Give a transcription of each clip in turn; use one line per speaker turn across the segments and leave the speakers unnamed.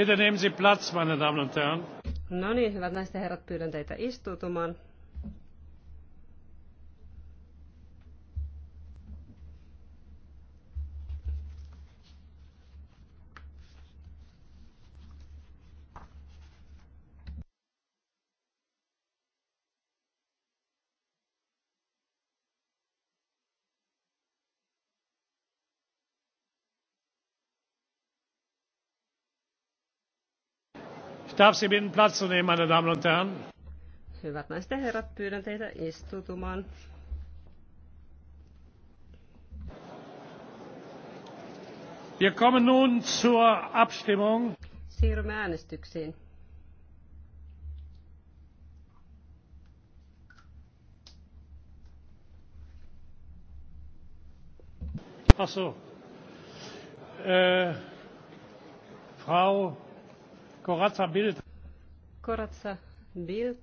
Bitte nehmen Sie Platz, meine Damen und Herren.
No niin, hyvät naiset ja herrat, pyydän teitä istuutumaan.
darf Sie bitten Platz zu nehmen, meine Damen und Herren. Hyvät naiset ja herrat, pyydän teitä
istutumaan.
Wir kommen nun zur Abstimmung. Siirrymme äänestyksiin. Ach so. Äh, Frau Koratsa
Bild. Bild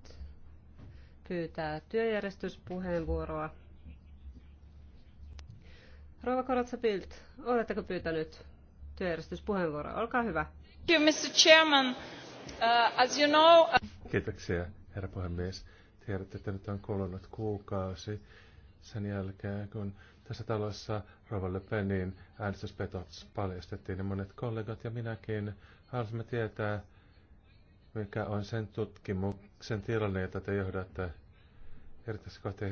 pyytää työjärjestyspuheenvuoroa. Rouva Corazza Bild, oletteko pyytänyt työjärjestyspuheenvuoroa? Olkaa hyvä. Thank you, Mr.
Chairman. Uh, as you know... Uh,
Kiitoksia, herra puhemies. Tiedätte, että nyt on kulunut kuukausi sen jälkeen, kun tässä talossa Rova Le Penin äänestyspetot paljastettiin ja monet kollegat ja minäkin halusimme tietää, mikä on sen tutkimuksen tilanne, jota te johdatte. Erityisesti kohti